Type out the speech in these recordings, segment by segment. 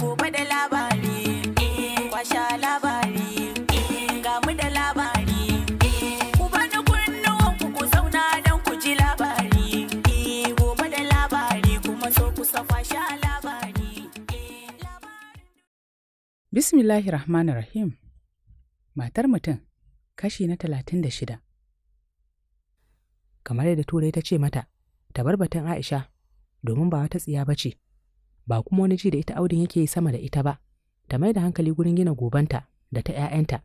gobe da labari eh, kwasha labari eh, ga mu da labari eh, ku bani kunnuwan ku ku zauna don ku ji labari gobe da labari kuma so ku kwasha labari bismillahir rahmanir rahim matar mutum kashi na talatin da shida kamar yadda turai ta ce mata ta bar batun aisha domin ba wata tsiya ba ce ba kuma wani ji da ita audin yake yi sama da ita ba, ta mai da hankali gurin gina gobanta da ta ‘ya'yanta.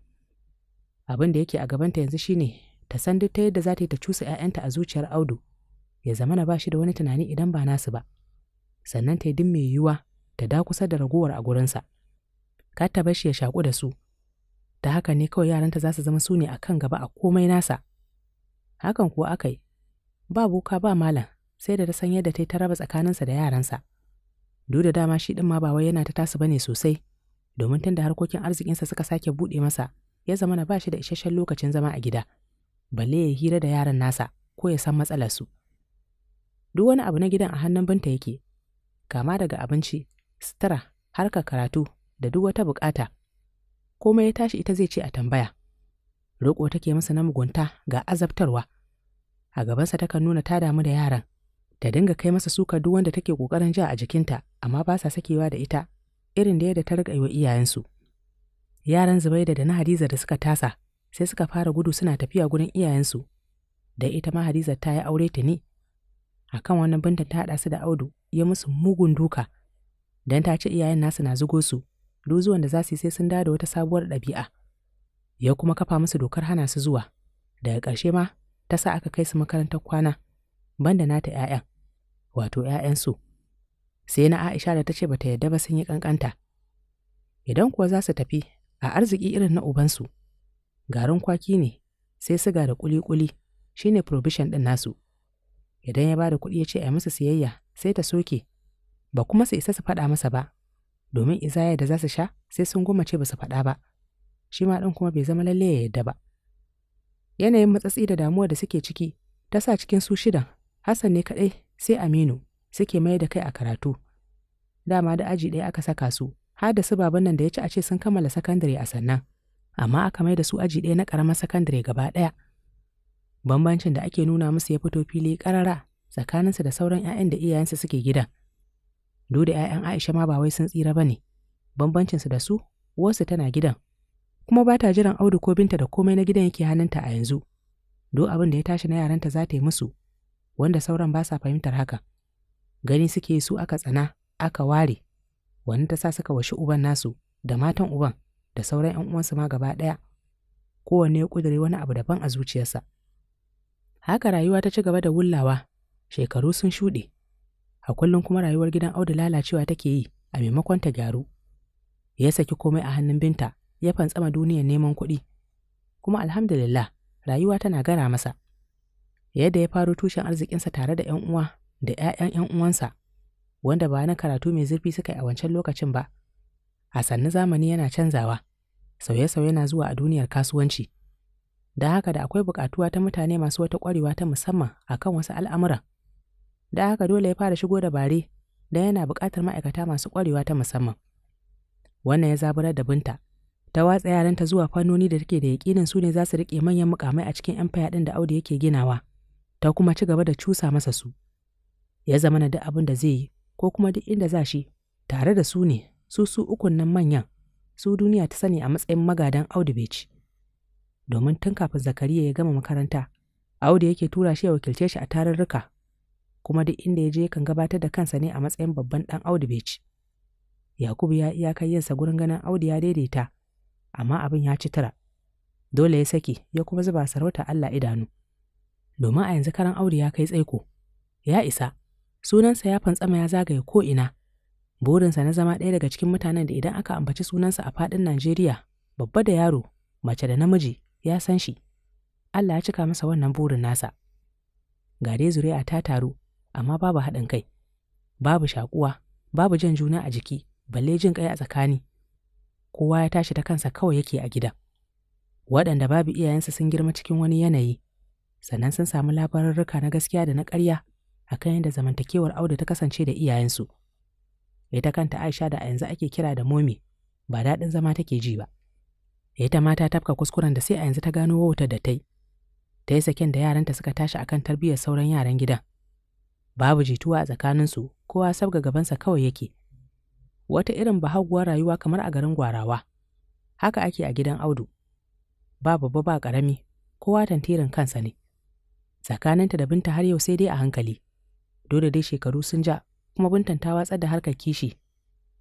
Abin da yake a gabanta yanzu shine ta san duk ta yadda za ta yi ta cusa ‘ya'yanta a zuciyar audu, ya zama na ba shi da wani tunani idan ba nasu ba. Sannan ta yi duk mai yiwuwa ta da kusa da ragowar a gurinsa. Kar ta bar shi ya shaƙu da su, ta haka ne kawai yaranta za su zama su ne a kan gaba a komai nasa. Hakan kuwa aka yi, ba boka ba malam sai da ta san yadda ta yi ta raba tsakaninsa da yaransa. duk da dama shi ɗin ma ba wai yana ta tasa bane sosai domin tunda harkokin arzikinsa suka sake buɗe masa ya zama na ba shi da isasshen lokacin zama a gida balle ya hira da yaran nasa ko ya san matsalar su. duk wani abu na gidan a hannun binta yake kama daga abinci sutura harkar karatu da duk wata bukata komai ya tashi ita zai ce a tambaya roƙo take masa na mugunta ga azabtarwa a gabansa takan nuna ta damu da yaran ta dinga kai masa suka duk wanda take kokarin ja a jikinta amma ba sa sakewa da ita irin da yadda ta riƙa wa iyayensu yaran zubaida da na hadiza da suka tasa sai suka fara gudu suna tafiya gurin iyayensu da ita ma hadiza ta yi aure ta ne akan wannan binta ta haɗa su da audu ya musu mugun duka dan ta ce iyayen nasu na zugo su duk zuwan da za su yi sai sun da wata sabuwar ɗabi'a ya kuma kafa musu dokar hana su zuwa daga ƙarshe ma ta sa aka kai su makarantar kwana banda nata 'ya'yan wato ‘ya'yansu, sai na Aisha da ta ce ba ta yadda ba sun yi ƙanƙanta. Idan kuwa za su tafi a arziki irin na ubansu, garin kwaki ne, sai siga da ƙuli-ƙuli shi ne provision ɗin nasu. Idan ya ba da kuɗi ya ce a musu siyayya sai ta soke, ba kuma su isa su faɗa masa ba, domin izaya da za su sha sai sun ce ba su faɗa ba. Shi ma ɗin kuma bai zama lalle ya yadda ba. Yanayin matsatsi da damuwa da suke ciki ta sa cikin su shidan Hassan ne kaɗai sai Aminu suke mai da kai a karatu. Dama da aji ɗaya aka saka su, har da su baban nan da ya ci a ce sun kammala sakandare a sannan, amma aka mai da su aji ɗaya na ƙaramar sakandare gaba ɗaya. Bambancin da ake nuna musu ya fito fili ƙarara tsakaninsu da sauran 'ya'yan da iyayensu suke gidan. Du da 'ya'yan Aisha ma ba wai sun tsira ba ne, bambancinsu da su, wasu tana gidan, kuma ba ta jiran Audu ko binta da komai na gidan yake hannunta a yanzu. do abin da ya tashi na yaranta za ta yi musu, wanda sauran ba sa fahimtar haka. Gani suke su aka tsana, aka ware, wani ta sa suka washi uban nasu da matan uban da sauran 'yan uwansu ma gaba ɗaya. Kowanne ya ƙudure wani abu daban a zuciyarsa. Haka rayuwa ta ci gaba da wullawa, shekaru sun shuɗe. A kullum kuma rayuwar gidan Audu lalacewa take yi a maimakon ta gyaru. Ya saki komai a hannun binta, ya fantsama duniyar neman kuɗi. Kuma alhamdulillah, rayuwa tana gara masa. yadda ya faro tushen arzikinsa tare da 'yan uwa da 'ya'yan 'yan uwansa, wanda ba na karatu mai zurfi suka yi a wancan lokacin ba. A sannu zamani yana canzawa, sauye-sauye na zuwa a duniyar kasuwanci. Da haka da akwai buƙatuwa ta mutane masu wata ƙwarewa ta musamman akan wasu al'amuran. Da haka dole ya fara shigo dabare da yana buƙatar ma'aikata masu ƙwarewa ta musamman. Wannan ya zaburar da binta, ta watsa yaranta zuwa fannoni da take da yaƙinin su ne za su riƙe manyan mukamai a cikin 'yan fayaɗin da Audu yake ginawa. ta kuma ci gaba da cusa masa su. Ya zama na duk abin da zai yi ko kuma duk inda za shi tare da su ne su su ukun nan manyan su duniya ta sani a matsayin magadan Audu Beci. Domin tun kafin Zakariya ya gama makaranta, Audu yake tura shi ya wakilce shi a tarurruka, kuma duk inda ya je kan gabatar da kansa ne a matsayin babban ɗan Audu Yakubu ya iya kai yinsa gurin ganin Audu ya daidaita, amma abin ya ci tura. Dole ya saki ya kuma zuba sarauta Allah idanu. domin a yanzu karan aure ya kai tsaiko. Ya isa, sunansa ya fantsama ya zagaye ko'ina. Burinsa na zama ɗaya daga cikin mutanen da idan aka ambaci sunansa a faɗin Najeriya, babba da yaro, mace da namiji, ya san shi. Allah ya cika masa wannan burin nasa. Ga dai zuri'a ta taru, amma babu haɗin kai, babu shakuwa, babu jan juna a jiki, balle jin ƙai a tsakani. Kowa ya tashi ta kansa kawai yake a gida Waɗanda babu iyayensa sun girma cikin wani yanayi, sannan sun samu labarurruka na gaskiya da na ƙarya akan yadda zamantakewar Audu ta kasance da iyayensu. Ita kanta Aisha da a yanzu ake kira da momi ba daɗin zama take ji ba. Ita ma ta tafka kuskuren da sai a yanzu ta gano wautar da ta yi. Ta yi saken da yaranta suka tashi akan tarbiyyar sauran yaran gidan. Babu jituwa a tsakaninsu, kowa sabga gabansa kawai yake. Wata irin bahaguwar rayuwa kamar a garin Gwarawa. Haka ake a gidan Audu. Ba babba ba ƙarami, kowa tantirin kansa ne. tsakaninta da binta har yau sai dai a hankali dole dai shekaru sun ja kuma bintan ta watsar da harkar kishi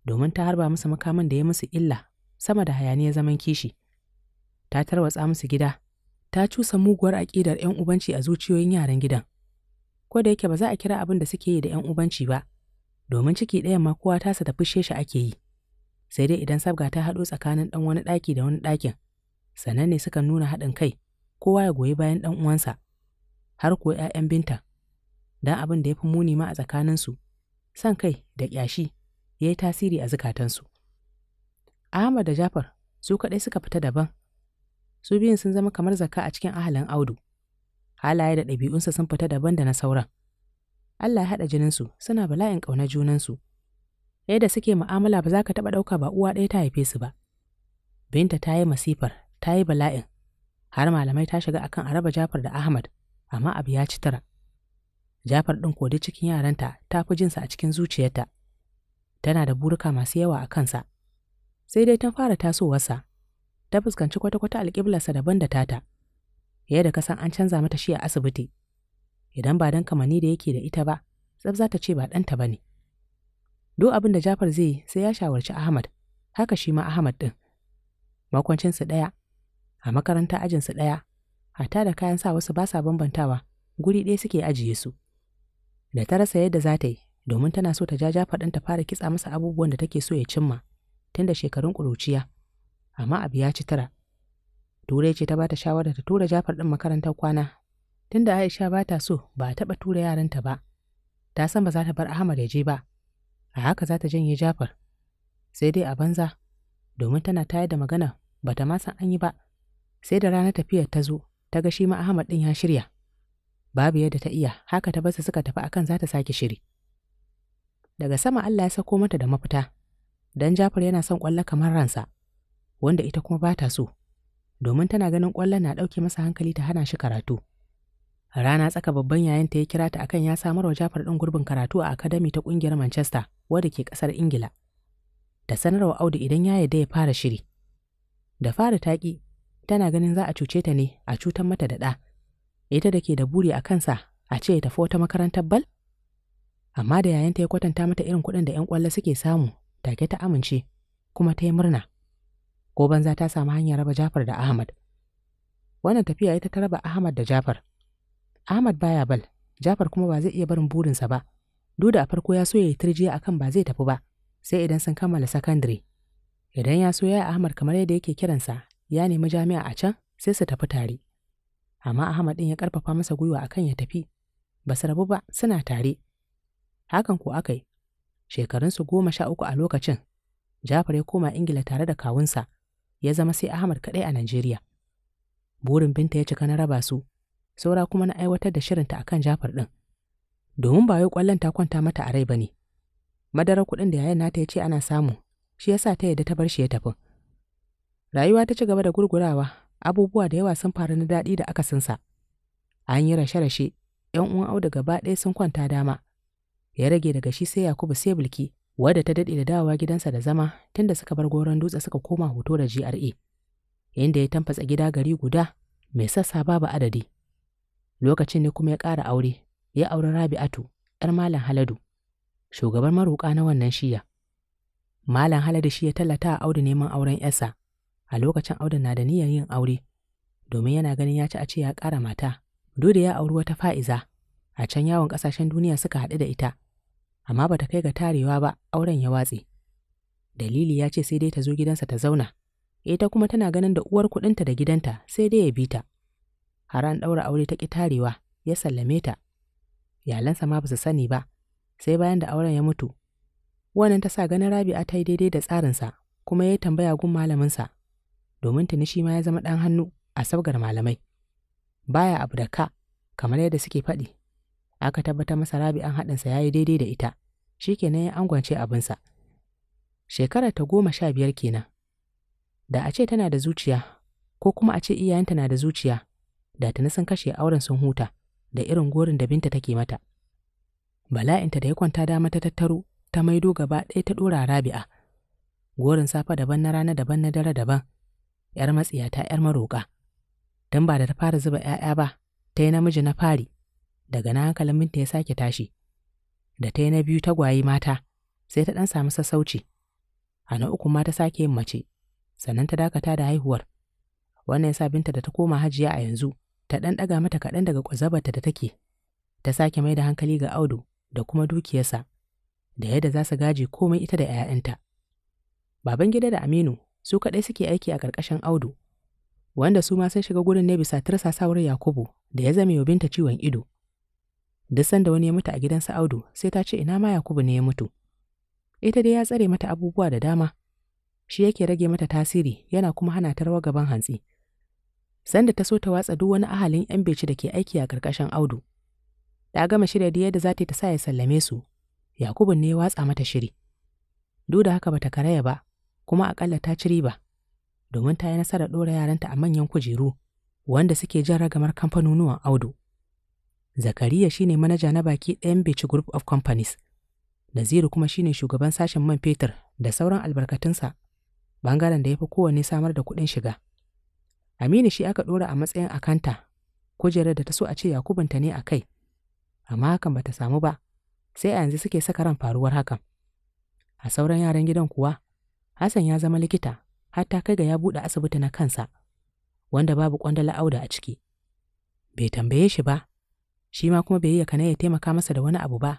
domin ta harba musu makamin da ya musu illa sama da hayaniyar zaman kishi ta tarwatsa musu gida ta cusa muguwar aƙidar 'yan ubanci a zuciyoyin yaran gidan ko da yake ba za a kira abin da suke yi da 'yan ubanci ba domin ciki ɗayan ma kowa tasa da fushe shi ake yi sai dai idan sabga ta haɗo tsakanin ɗan wani ɗaki da wani ɗakin sannan ne suka nuna haɗin kai kowa ya goyi bayan ɗan uwansa har kuwa ‘ya'yan binta, don abin da ya fi muni ma a tsakaninsu, san kai da ƙyashi ya yi tasiri a zukatansu. Ahmad da Jafar su kaɗai suka fita daban, su biyun sun zama kamar zaka a cikin ahalin audu, halaye da ɗabi'unsa sun fita daban da na sauran. Allah ya haɗa jininsu suna bala'in ƙauna junansu. Yadda suke mu'amala ba za ka taɓa ɗauka ba uwa ɗaya ta haife su ba. Binta ta yi masifar, ta yi bala'in, har malamai ta shiga akan araba Jafar da Ahmad amma abu ya ci tara. Jafar ɗin kodi cikin yaranta ta fi jinsa a cikin zuciyarta. Tana da burika masu yawa a kansa. Sai dai ta fara tasowarsa, ta fuskanci kwata-kwata alƙiblarsa daban da tata. Yadda ka san an canza mata shi a asibiti. Idan ba don kamani da yake da ita ba, tsaf za ta ce ba ɗanta ba ne. Duk abin da Jafar zai yi sai ya shawarci Ahmad, haka shi ma Ahmad ɗin. Makwancinsu ɗaya, a makaranta ajinsu ɗaya, hatta da kayan sa wasu ba sa bambantawa guri ɗaya suke ajiye su da ta rasa yadda za ta yi domin tana so ta jaja faɗin ta fara kitsa masa abubuwan da take so ya cimma tun da shekarun ƙuruciya amma abu ya ci tara turai ce ta bata shawara ta tura jafar ɗin makarantar kwana Tun da aisha ba ta so ba a taɓa tura yaranta ba ta san ba za ta bar ahmad ya je ba a haka za ta janye jafar sai dai a banza domin tana tayar da magana ba ta ma san an yi ba sai da ranar tafiyar ta zo ta ga shi ma Ahmad ɗin ya shirya. Babu yadda ta iya, haka ta basu suka tafi akan za ta sake shiri. Daga sama Allah ya sako mata da mafita, Dan Jafar yana son ƙwallo kamar ransa, wanda ita kuma ba ta so, domin tana ganin ƙwallon na ɗauke masa hankali ta hana shi karatu. Rana tsaka babban yayanta ya kira ta akan ya samar wa Jafar ɗin gurbin karatu a akadami ta ƙungiyar Manchester, wadda ke ƙasar Ingila. Da sanarwa Audu idan ya yarda ya fara shiri. Da fara taƙi, tana ganin za a cuce ta ne a cutar mata da ɗa, ita da ke da buri a kansa a ce ya tafi wata makarantar bal? Amma da yayanta ya kwatanta mata irin kuɗin da ‘yan ƙwallo suke samu, take ta amince, kuma ta yi murna. Ko banza ta samu hanyar raba Jafar da Ahmad. Wannan tafiya ita ta raba Ahmad da Jafar. Ahmad baya bal, Jafar kuma ba zai iya barin burinsa ba. Duk da a farko ya so ya yi turjiya akan ba zai tafi ba, sai idan sun kammala sakandare. Idan ya so ya yi Ahmad kamar yadda yake kiransa, ya nemi jami'a a can sai su tafi tare. Amma Ahmad ɗin ya ƙarfafa masa gwiwa akan ya tafi, ba su rabu ba suna tare. Hakan ko aka yi, shekarunsu goma sha uku a lokacin, Jafar ya koma Ingila tare da kawunsa, ya zama sai Ahmad kaɗai a Najeriya. Burin Binta ya cika na raba su, saura kuma na aiwatar da shirinta akan Jafar ɗin. Domin ba wai ƙwallon ta kwanta mata a rai ba ne. Madarar kuɗin da yayan nata ya ce ana samu, shi yasa ta yadda ta bar shi ya tafi. Rayuwa ta ci gaba da gurgurawa, abubuwa da yawa sun faru na daɗi da akasinsa. An yi rashe-rashe, ‘yan uwan Audu gaba ɗaya sun kwanta dama. Ya rage daga shi sai Yakubu sai Bilki, wadda ta daɗe da dawowa gidansa da zama tun da suka bar goron dutse suka koma hoto da GRA. Inda ya tamfatsa gida gari guda, mai sassa babu adadi. Lokacin ne kuma ya ƙara aure, ya auri Rabi'atu, ‘yar Malam Haladu, shugaban maroƙa na wannan shiya. Malam Haladu shi ya tallata a Audu neman auren ‘yarsa. a lokacin Audu na da niyyar yin aure, domin yana ganin ya ci a ce ya ƙara mata, dole ya auri wata fa'iza, a can yawon ƙasashen duniya suka haɗu da ita, amma ba ta kai ga tarewa ba auren ya watse. Dalili ya ce sai dai ta zo gidansa ta zauna, ita kuma tana ganin da uwar kuɗinta da gidanta sai dai ya bi ta. Har an ɗaura aure ta ƙi tarewa, ya sallame ta. Yalansa ma ba su sani ba, sai bayan da auren ya mutu. Wannan ta sa ganin Rabi'a ta yi daidai da tsarinsa, kuma ya tambaya gun malaminsa domin tuni shi ma ya zama ɗan hannu a sabgar malamai. Baya abu da ka, kamar yadda suke faɗi. Aka tabbatar masa rabi'an haɗinsa ya yi daidai da ita, shi kenan ya angwance abinsa. Shekara ta goma sha biyar kenan. Da a ce tana da zuciya, ko kuma a ce iyayenta na da zuciya, da tuni sun kashe auren sun huta, da irin gorin da binta take mata. Bala'inta da ya kwanta dama ta tattaro, ta maido gaba ɗaya ta ɗora rabi'a. Gorin safa daban na rana daban na dare daban, ‘yar matsiyata ‘yar maroƙa, don ba da ta fara zuba ‘ya'ya ba, ta yi namiji na fari, daga na hankalin minta ya sake tashi, da ta yi na biyu tagwaye mata, sai ta ɗan samu sassauci, a na uku ma ta sake yin mace, sannan ta dakata da haihuwar. Wannan ya sa binta da ta koma hajiya a yanzu, ta ɗan ɗaga mata kaɗan daga ƙwazabarta da take, ta sake mai da hankali ga Audu da kuma dukiyarsa, da yadda za su gaji komai ita da ‘ya'yanta. Baban gida da Aminu su kaɗai suke aiki a ƙarƙashin Audu, wanda su ma sun shiga gurin ne bisa sawar Yakubu da ya zame wa binta ciwon ido. Duk sanda wani ya mutu a gidansa Audu sai ta ce ina ma Yakubu ne ya mutu. Ita dai ya tsare mata abubuwa da dama, shi yake rage mata tasiri yana kuma hana ta rawa gaban hantsi. Sanda ta so ta watsa duk wani ahalin 'yan beci da ke aiki a ƙarƙashin Audu. Ta gama shirya da yadda za ta sa ya sallame su, Yakubu ne ya watsa mata shiri. Duk da haka bata karaya ba, kuma akalla ta ci riba, domin ta yi nasarar ɗora yaranta a manyan kujeru wanda suke jan ragamar kamfanonuwan audu. Zakariya shine manaja na baki ɗayan Bichi Group of Companies. Naziru kuma shine shugaban sashen man fetur da sauran albarkatunsa, bangaren da ya fi kowanne samar da kuɗin shiga. Aminu shi aka ɗora a matsayin akanta, kujerar da ta so a ce Yakubunta ne a kai, amma hakan bata samu ba, sai a yanzu suke saka ran faruwar hakan. A sauran yaran gidan kuwa, Hassan ya zama likita, har ta kai ga ya buɗe asibiti na kansa, wanda babu ƙwandala auda a ciki. Bai tambaye shi ba, shi ma kuma bai yi kana ya taimaka masa da wani abu ba,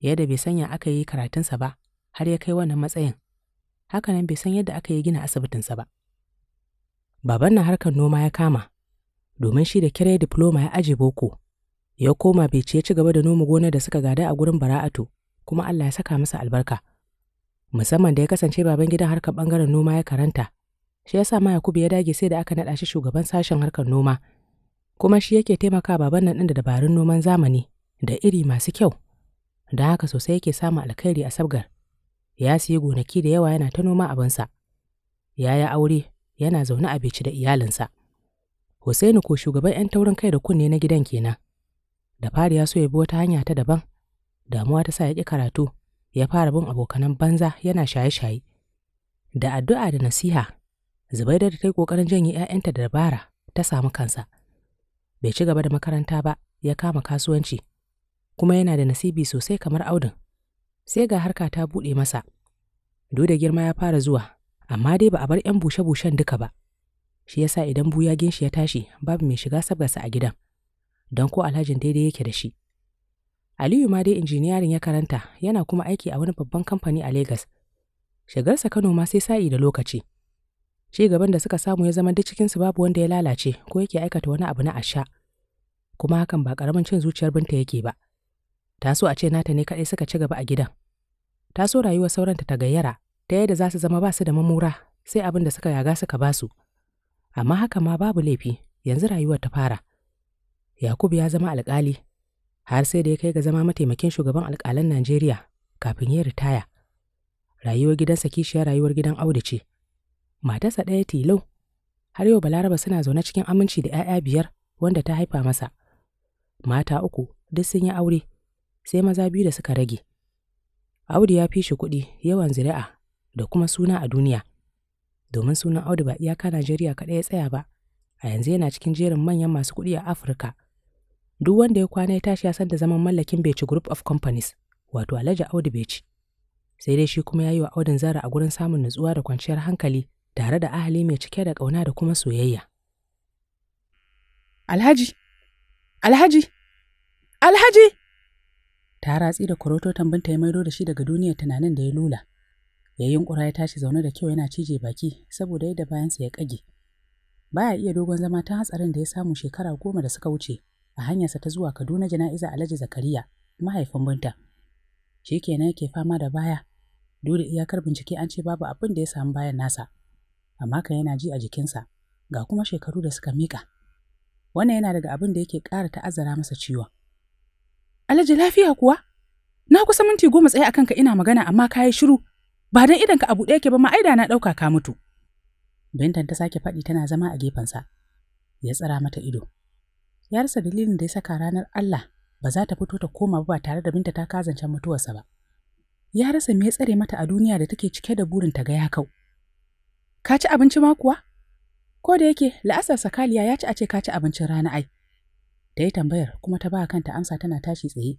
yadda bai sanya aka yi karatunsa ba, har ya kai wannan matsayin. Hakanan bai san yadda aka yi gina asibitinsa ba. Baban na harkar noma ya kama, domin shi da kira diploma ya aje boko, ya koma bai ci ya ci gaba da noma gonar da suka gada a gurin bara'atu, kuma Allah ya saka masa albarka. musamman da ya kasance baban gidan harkar bangaren noma ya karanta shi yasa ma Yakubu ya dage sai da aka naɗa shi shugaban sashen harkar noma kuma shi yake taimaka baban nan ɗin da dabarun noman zamani da iri masu kyau da haka sosai yake samun alkhairi a sabgar ya siyi gonaki da yawa yana ta noma abinsa ya yi aure yana zaune a bici da iyalinsa Hussaini ko shugaban 'yan taurin kai da kunne na gidan kenan da fari ya so ya bi wata hanya ta daban damuwa ta sa ya ƙi karatu ya fara bin abokanan banza yana shaye-shaye. Da addu'a da nasiha, Zubaida da ta yi ƙoƙarin janye ‘ya'yanta da dabara ta samu kansa. Bai ci gaba da makaranta ba, ya kama kasuwanci, kuma yana da nasibi sosai kamar audin. Sai ga harka ta buɗe masa. Duk da girma ya fara zuwa, amma dai ba a bar ‘yan bushe-bushen duka ba. Shi yasa idan buya ginshi ya tashi, babu mai shiga sabgarsa a gidan, don ko alhajin daidai yake da shi. Aliyu ma dai injiniyarin ya karanta yana kuma aiki a wani babban kamfani a Legas. Shigarsa Kano ma sai sa'i da lokaci. Ci gaban da suka samu ya zama duk su babu wanda ya lalace ko yake aikata wani abu na asha. Kuma hakan ba karamin cin zuciyar binta yake ba. Ta so a ce nata ne kaɗai suka ci gaba a gidan. Ta so rayuwar sauranta ta gayyara ta yadda za su zama ba su da mamura sai abin da suka yaga suka ba su. Amma haka ma babu laifi yanzu rayuwar ta fara. Yakubu ya zama alƙali har sai da ya kai ga zama mataimakin shugaban alƙalan Najeriya kafin ya ritaya. Rayuwar gidansa kishiyar rayuwar gidan Audu ce. Matarsa ɗaya tilau, har yau Balaraba suna zaune cikin aminci da 'ya'ya biyar wanda ta haifa masa. Mata uku duk sun yi aure, sai maza biyu da suka rage. Audu ya fi shi kuɗi, yawan zuri'a da kuma suna a duniya. Domin sunan Audu ba iyaka Najeriya kaɗai ya tsaya ba, a yanzu yana cikin jerin manyan masu kuɗi a Afirka. duk wanda ya kwana ya tashi ya san da zaman mallakin Beci Group of Companies, wato Alhaji Audu Beci. Sai dai shi kuma ya yi wa Audun zara a gurin samun nutsuwa da kwanciyar hankali tare da ahali mai cike da kauna da kuma soyayya. Alhaji, Alhaji, Alhaji! Ta ratsi da kuroto tambinta ya maido da shi daga duniyar tunanin da ya lula. ya ƙura ya tashi zaune da kyau yana cije baki saboda yadda bayansa ya ƙage. Baya iya dogon zama ta hatsarin da ya samu shekara goma da suka wuce a hanyarsa ta zuwa Kaduna jana'iza Alhaji Zakariya mahaifin Binta. Shikenan yake fama da baya, dole iyakar bincike an ce babu abin da ya samu bayan nasa, amma kan yana ji a jikinsa, ga kuma shekaru da suka mika Wannan yana daga abin da yake ƙara ta'azzara masa ciwo Alhaji lafiya kuwa? Na kusa minti goma tsaye akan ka ina magana amma ka yi shiru, ba dan idan ka abu ɗaya ke ba ma'aida na ɗauka ka mutu. Bintan ta sake faɗi tana zama a gefensa, ya tsara mata ido. ya rasa dalilin da ya saka ranar Allah ba za ta fito ta koma ba tare da binta ta kazance mutuwarsa ba. Ya rasa me ya tsare mata a duniya da take cike da burin ta ga ya kau. Ka ci abinci ma kuwa? Ko da yake la'asar sakaliya ya ci a ce ka ci abincin rana ai. Da ya tambayar kuma ta ba kanta amsa tana tashi tsaye.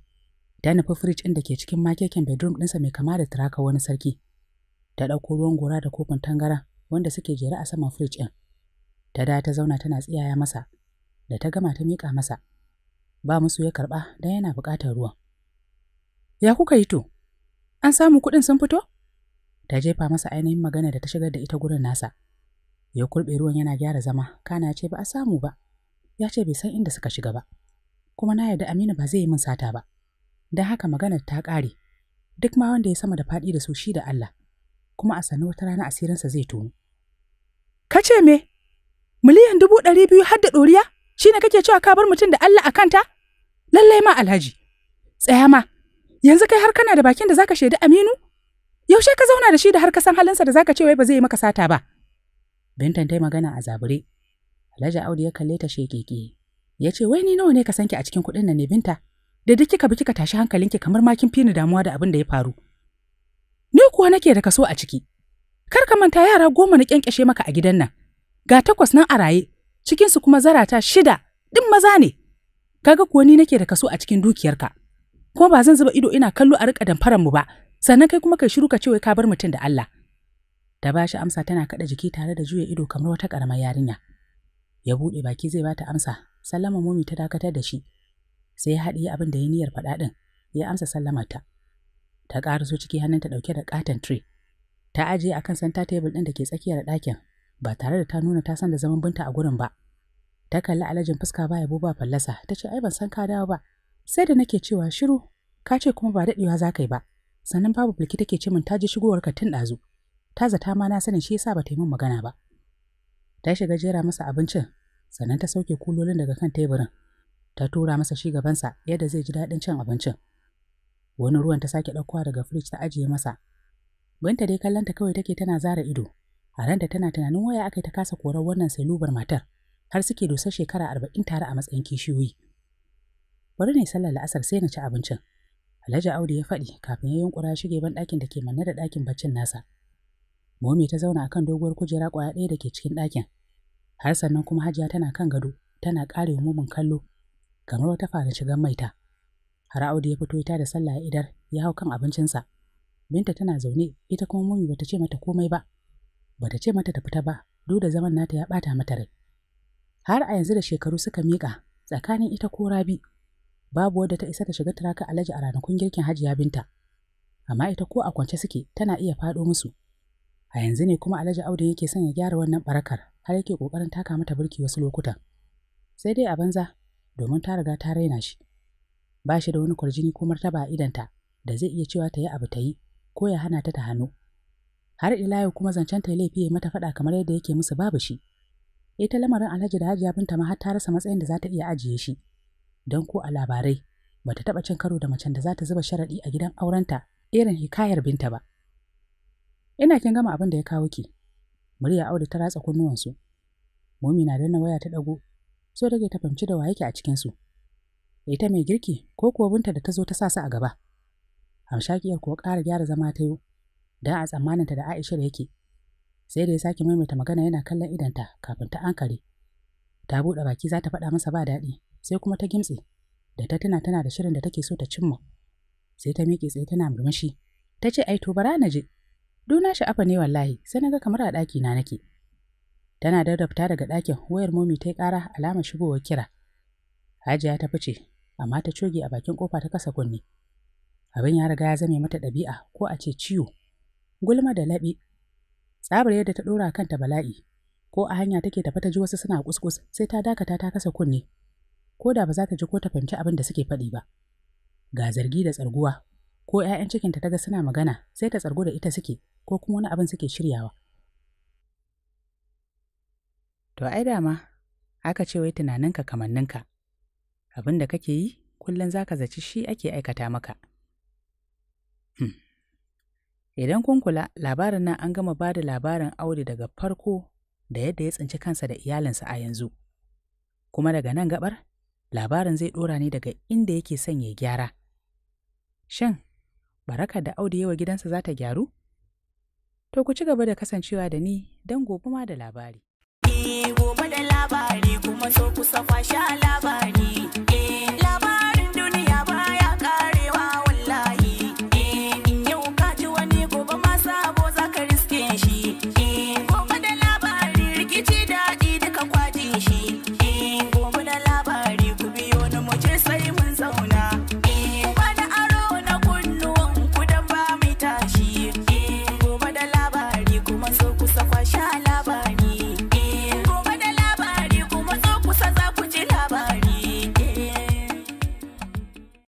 Ta nufi firij ɗin da ke cikin makeken bedroom ɗinsa mai kama da turaka wani sarki. Ta ɗauko ruwan gora da kofin tangara, wanda suke jere a saman firij ɗin. Ta da ta zauna tana tsiyaya masa da ta gama ta miƙa masa ba musu ya karɓa don yana buƙatar ruwan ya kuka yi to an samu kuɗin sun fito ta jefa masa ainihin magana da ta shigar da ita gurin nasa ya kurɓe ruwan yana gyara zama kana ce ba a samu ba ya ce bai san inda suka shiga ba kuma na yarda aminu ba zai yi min sata ba don haka maganar ta ƙare duk ma wanda ya sama da faɗi da su shi da Allah kuma a sannu wata rana asirinsa zai tono ka ce me miliyan dubu ɗari biyu har da ɗoriya shi ne kake cewa ka bar mutum da Allah a kanta? Lallai ma alhaji, tsaya ma, yanzu kai har kana da bakin da zaka shaidi Aminu? Yaushe ka zauna da shi da har ka san halinsa da zaka ce wai ba zai yi maka sata ba. Bintan tai magana a zabure. Alhaji Audu ya kalle ta shekeke. Ya ce wai ni nawa ne ka sanke a cikin kuɗin nan ne Binta? Da duk kika bi kika tashi hankalinki kamar ma kin fini damuwa da abin da ya faru. Ni kuwa nake da kaso a ciki. Kar ka manta yara goma na kyankyashe maka a gidan nan. Ga takwas nan a raye, cikinsu kuma zarata shida ɗin maza ne kaga kuwa ni nake da kaso a cikin dukiyarka kuma ba zan zuba ido ina kallo a rika damfaran mu ba sannan kai kuma kai shiru ka ce wai ka bar mutum da Allah da ba shi amsa tana kaɗa jiki tare da juya ido kamar wata karamar yarinya ya buɗe baki zai bata amsa sallama momi ta dakatar da shi sai ya haɗe abin da ya niyar faɗa ɗin ya amsa sallamar ta Ta ƙaraso ciki hannunta ɗauke da ƙaton tire. ta ajiye akan santa table ɗin da ke tsakiyar ɗakin ba tare da ta nuna ta san da zaman binta a gurin ba ta kalli alajin fuska ba yabo ba fallasa ta ce ai ban san ka dawo ba sai da nake cewa shiru ka ce kuma ba daɗewa za ka yi ba sannan babu bilki take ce min ta ji shigowar ka tun ɗazu ta zata ma na sanin shi yasa ba ta yi min magana ba ta shiga jera masa abincin sannan ta sauke kulolin daga kan teburin ta tura masa shi gabansa yadda zai ji daɗin cin abincin wani ruwan ta sake ɗaukowa daga firij ta ajiye masa Binta dai kallonta kawai take tana zara ido, a da tana tunanin waya aka ta kasa korar wannan salubar matar har suke dosar shekara arba'in tare a matsayin kishiyoyi bari ne sallar la'asar sai na ci abincin alhaji audu ya faɗi kafin ya yunkura shige ban ɗakin da ke manne da ɗakin baccin nasa momi ta zauna akan doguwar kujera ƙwaya ɗaya da ke cikin ɗakin har sannan kuma hajiya tana kan gado tana ƙare mumin kallo kamar wata fara shigan maita har audu ya fito ita da sallah ya idar ya hau kan abincinsa binta tana zaune ita kuma mumi bata ce mata komai ba Ba ta ce mata ta fita ba duk da zaman nata ya bata mata rai har a yanzu da shekaru suka miƙa tsakanin ita ko rabi babu wadda ta isa ta shiga turaka alhaji a ranakun girkin hajiya binta amma ita ko a kwance suke tana iya faɗo musu a yanzu ne kuma alhaji audu yake son ya gyara wannan barakar har yake kokarin taka mata burki wasu lokutan sai dai a banza domin ta riga ta raina shi ba shi da wani kwarjini ko martaba a idanta da zai iya cewa ta yi abu ta yi ko ya hana ta ta hannu har ila yau kuma zancen ta laifi ya mata faɗa kamar yadda yake musu babu shi ita lamarin alhaji da hajiya binta ma har ta rasa matsayin da za ta iya ajiye shi don ko a labarai ba ta taɓa cin karo da macen da za ta zuba sharaɗi a gidan aurenta irin hikayar binta ba ina kin gama abin da ya kawo ki murya audu ta ratsa kunnuwansu na danna waya ta ɗago so rage ta fahimci da wa yake a cikinsu ita mai girki ko kuwa binta da ta zo ta sa su a gaba hamshakiyar kuwa ƙara gyara zama ta yau. Da a tsammaninta da Aisha da yake. Sai da ya sake maimaita magana yana kallon idanta kafin ta ankare. Ta buɗe baki za ta faɗa masa ba daɗi, sai kuma ta gimtse, da ta tuna tana da shirin da take so ta cimma. Sai ta miƙe tsaye tana murmushi. Ta ce, Ai, to bara na je. Duna Afa ne wallahi, sai na ga kamar a ɗaki na nake. Tana darrafta daga ɗakin, wayar momi ta yi ƙara alamar shigowar kira. Hajiya ta fice, amma ta coge a bakin ƙofa ta kasa kunne. Abin ya riga ya zame mata ɗabi'a ko a ce ciwo. gulma da laɓe tsabar yadda ta ɗora kanta bala'i ko a hanya take tafi ta ji wasu suna kuskus sai ta dakata ta kasa kunne ko da ba za ta ji ko ta fahimci abin da suke faɗi ba ga zargi da tsarguwa ko 'ya'yan cikinta ta ga suna magana sai ta tsargu da ita suke ko kuma wani abin suke shiryawa to ai dama aka ce wai tunaninka kamanninka abin da kake yi kullum za ka zaci shi ake aikata maka hmm. Idan kun kula, labarin nan an gama ba da labarin Audu daga farko da yadda ya tsinci kansa da iyalinsa a yanzu. Kuma daga nan gabar, labarin zai ɗora ne daga inda yake son ya gyara. Shin, baraka da Audu yawa gidansa za ta gyaru? To ku ci gaba da kasancewa da ni don gobe ma da labari. Eh, gobe da labari kuma so kusa labari. Eh,